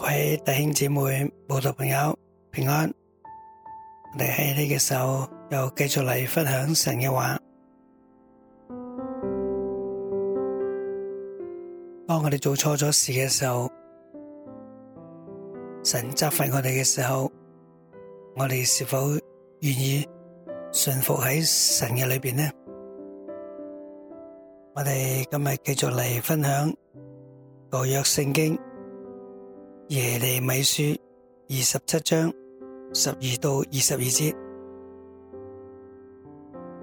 各位弟兄姊妹、報道朋友平安，我哋喺呢嘅時候又繼續嚟分享神嘅話。當我哋做錯咗事嘅時候，神責罰我哋嘅時候，我哋是否願意順服喺神嘅裏邊呢？我哋今日繼續嚟分享舊約聖經。耶利米書二十七章十二到二十二節，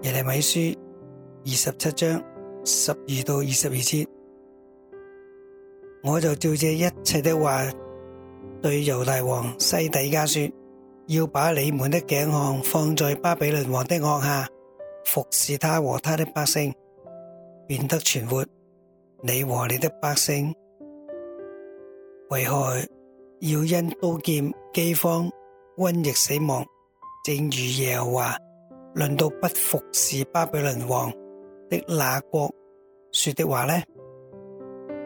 耶利米書二十七章十二到二十二節。我就照這一切的話對猶大王西底家說，要把你們的頸項放在巴比倫王的軛下，服侍他和他的百姓，便得存活。你和你的百姓，為何？要因刀劍、饑荒、瘟疫死亡，正如耶和華論到不服侍巴比倫王的那國說的話呢？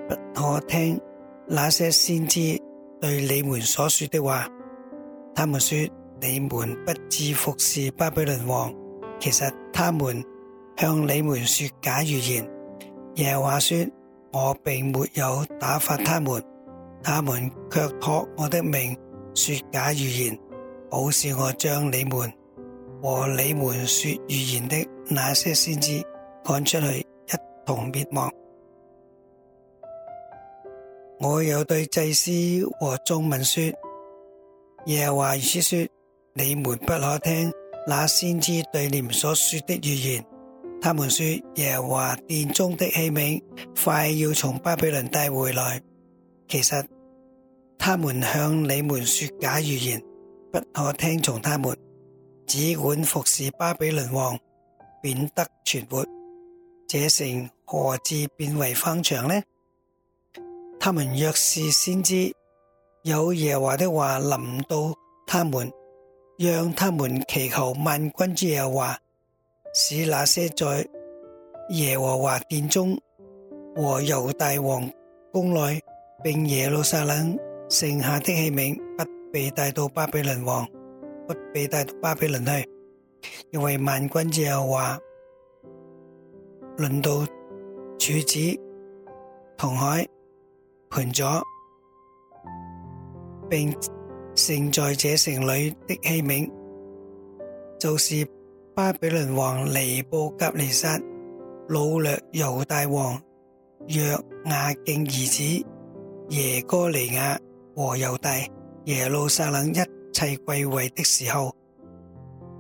不可聽那些先知對你們所說的話，他們說你們不至服侍巴比倫王，其實他們向你們說假預言。耶和華說：我並沒有打發他們。他們卻託我的名說假預言，好使我將你們和你們說預言的那些先知趕出去，一同滅亡。我又對祭司和眾民說：耶華如此說，你們不可聽那先知對你們所說的預言。他們說耶華殿中的器皿快要從巴比倫帶回來。其實他們向你們說假語言，不可聽從他們，只管服侍巴比倫王，免得全活。這城何至變為荒場呢？他們若是先知，有耶和華的話臨到他們，讓他們祈求萬君之耶和使那些在耶和華殿中和猶大王宮內。並耶路撒冷剩下的器皿不被帶到巴比倫王，不被帶到巴比倫去。因為萬軍之後話，輪到柱子、銅海、盆座並剩在這城裏的器皿，就是巴比倫王尼布甲尼撒擄掠猶大王約雅敬兒子。耶哥尼雅和猶大、耶路撒冷一切貴位的時候，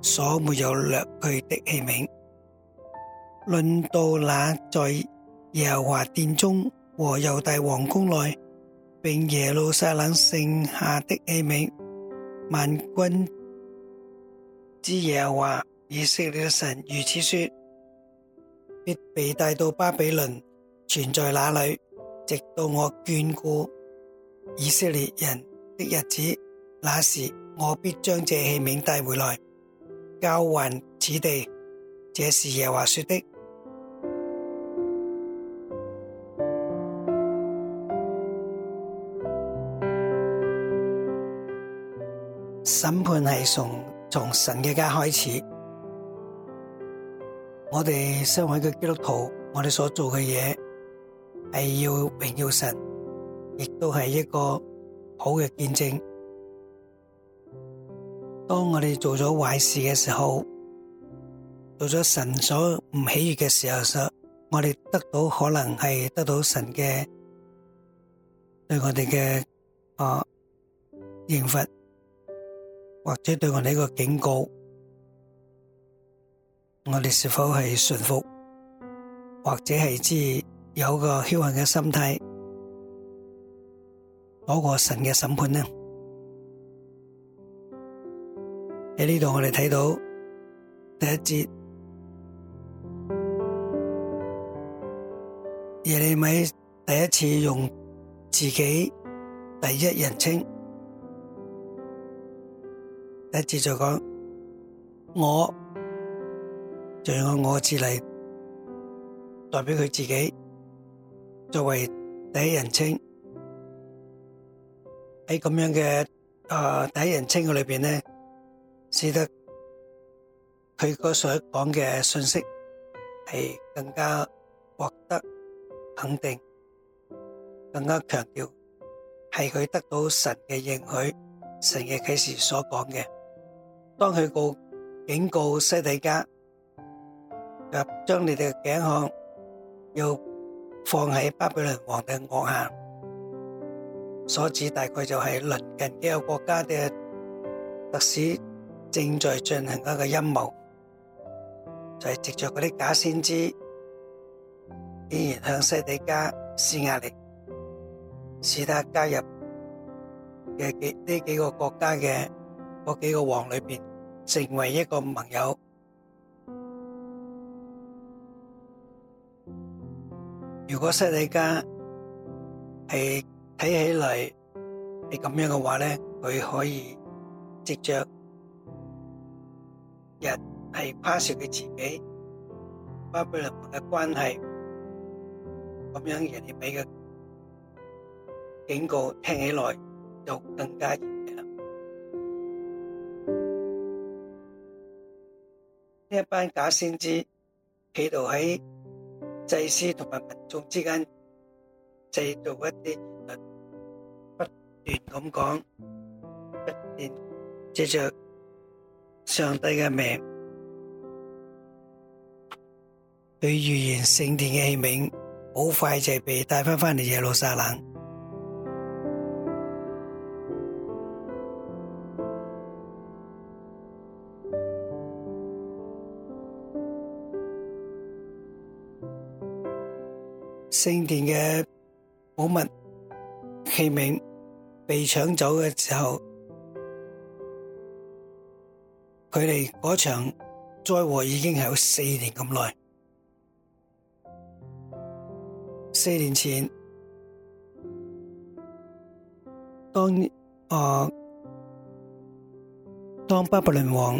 所沒有掠去的器皿，論到那在耶和華殿中和猶大王宮內，並耶路撒冷剩下的器皿，萬軍之耶和華以色列的神如此說：必被帶到巴比倫，存在那裏。直到我眷顧以色列人的日子，那時我必將這器皿帶回來，交還此地。這是耶和華說的。審判係從從神嘅家開始，我哋身為嘅基督徒，我哋所做嘅嘢，係要榮耀神，亦都係一個好嘅見證。當我哋做咗壞事嘅時候，做咗神所唔喜悅嘅時候，我哋得到可能係得到神嘅對我哋嘅啊刑罰，或者對我哋一個警告。我哋是否係順服，或者係知？有個僥倖嘅心態，躲、那個神嘅審判呢？喺呢度我哋睇到第一節，耶利米第一次用自己第一人稱，第一節就講我，就用我字嚟代表佢自己。作為第一人稱喺咁樣嘅誒，第一人稱嘅裏邊咧，使得佢個所講嘅信息係更加獲得肯定，更加強調，係佢得到神嘅應許、神嘅啟示所講嘅。當佢告警告西底家，又將你哋嘅頸項要。放喺巴比倫王嘅腳下，所指大概就係鄰近幾個國家嘅特使正在進行一個陰謀，就係藉着嗰啲假先知，依然向西底家施壓力，使他加入嘅幾呢幾個國家嘅嗰幾個王裏面，成為一個盟友。如果西底家係睇起嚟係咁樣嘅話咧，佢可以藉着人係誇上佢自己，誇俾人哋嘅關係，咁樣人哋俾嘅警告聽起來就更加嚴厲啦。呢一班假先知企度喺。祭司同埋民眾之間製造一啲言論，不斷咁講，不斷藉着上帝嘅名去預言聖殿嘅器皿，好快就係被帶返返嚟耶路撒冷。聖殿嘅寶物器皿被搶走嘅時候，佢哋嗰場災禍已經係有四年咁耐。四年前，當啊當巴比倫王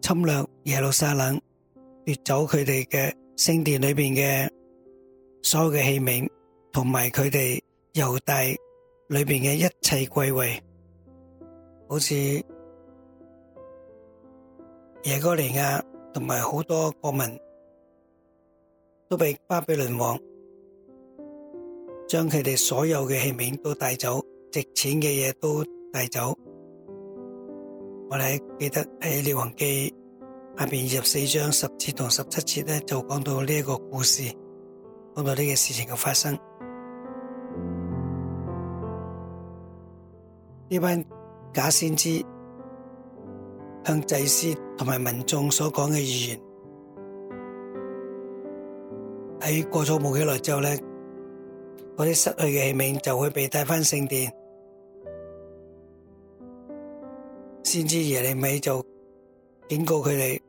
侵略耶路撒冷，奪走佢哋嘅聖殿裏邊嘅。所有嘅器皿同埋佢哋猶大裏邊嘅一切貴位，好似耶哥尼亞同埋好多國民，都被巴比倫王將佢哋所有嘅器皿都帶走，值錢嘅嘢都帶走。我哋記得喺《列王記》下邊二十四章十節同十七節咧，就講到呢一個故事。講到呢個事情嘅發生，呢班假先知向祭司同埋民眾所講嘅預言，喺過咗冇幾耐之後咧，嗰啲失去嘅器皿就會被帶返聖殿，先知耶利米就警告佢哋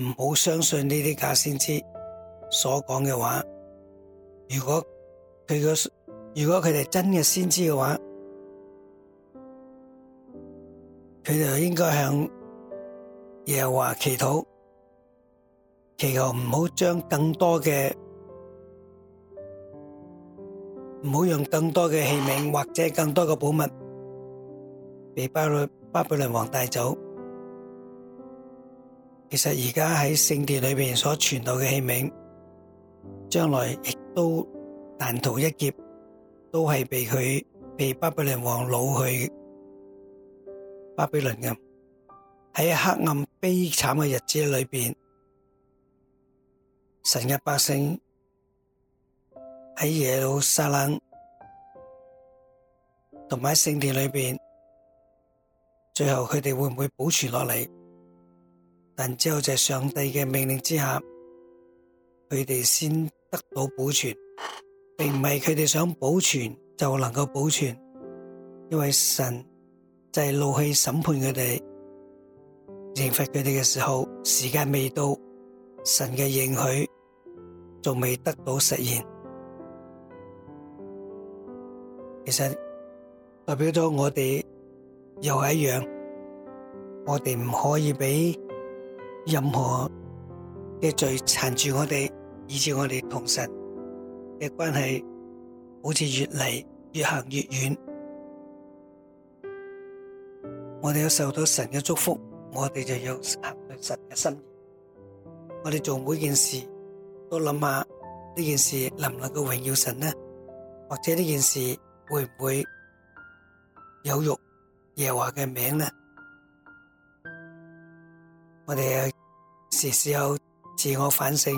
唔好相信呢啲假先知所講嘅話。如果他個如果佢哋真的先知的話，佢哋應該向耶和華祈禱，祈求不要將更多的，不要用更多的器皿或者更多的寶物被巴魯巴比倫王帶走。其實現在喺聖殿裏面所傳留的器皿。將來亦都難逃一劫，都係被佢被巴比倫王擄去巴比倫人。喺黑暗悲慘嘅日子裏邊，神嘅百姓喺耶路撒冷同埋聖殿裏邊，最後佢哋會唔會保存落嚟？但之後在上帝嘅命令之下，佢哋先。得到保存，並唔係佢哋想保存就能夠保存，因為神就係怒氣審判佢哋，刑罰佢哋嘅時候，時間未到，神嘅應許仲未得到實現。其實代表咗我哋又係一樣，我哋唔可以俾任何嘅罪纏住我哋。以至我哋同神嘅關係好似越嚟，越行越遠，我哋有受到神嘅祝福，我哋就有行對神嘅心意。我哋做每件事都諗下呢件事能唔能夠榮耀神呢？或者呢件事會唔會有辱耶和華嘅名呢？我哋時時候自我反省。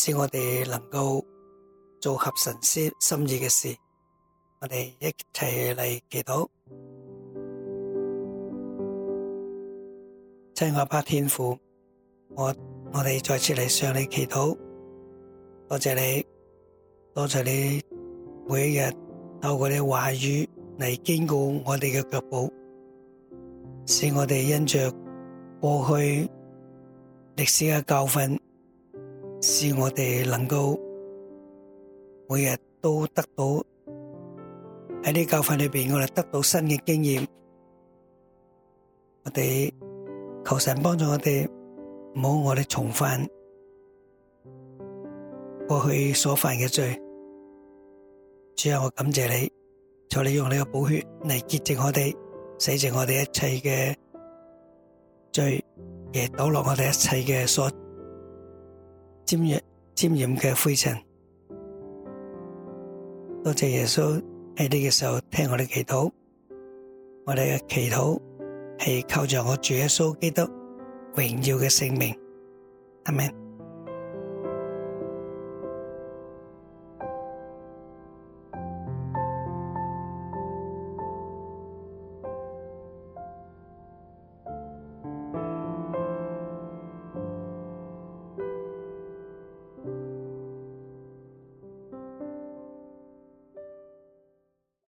使我哋能夠做合神師心意嘅事，我哋一齊嚟祈禱。親愛嘅天父，我，我哋再次嚟向你祈禱，多謝你，多謝你，每一日透過你話語嚟堅固我哋嘅腳步，使我哋因着過去歷史嘅教訓。使我哋能夠每日都得到喺呢教訓裏邊，我哋得到新嘅經驗。我哋求神幫助我哋，唔好我哋重犯過去所犯嘅罪。主啊，我感謝你，求你用呢個寶血嚟潔淨我哋，洗淨我哋一切嘅罪，亦倒落我哋一切嘅所。沾染沾染嘅灰塵，多謝耶穌喺呢個時候聽我哋祈禱，我哋嘅祈禱係靠着我主耶穌基督榮耀嘅性命，阿門。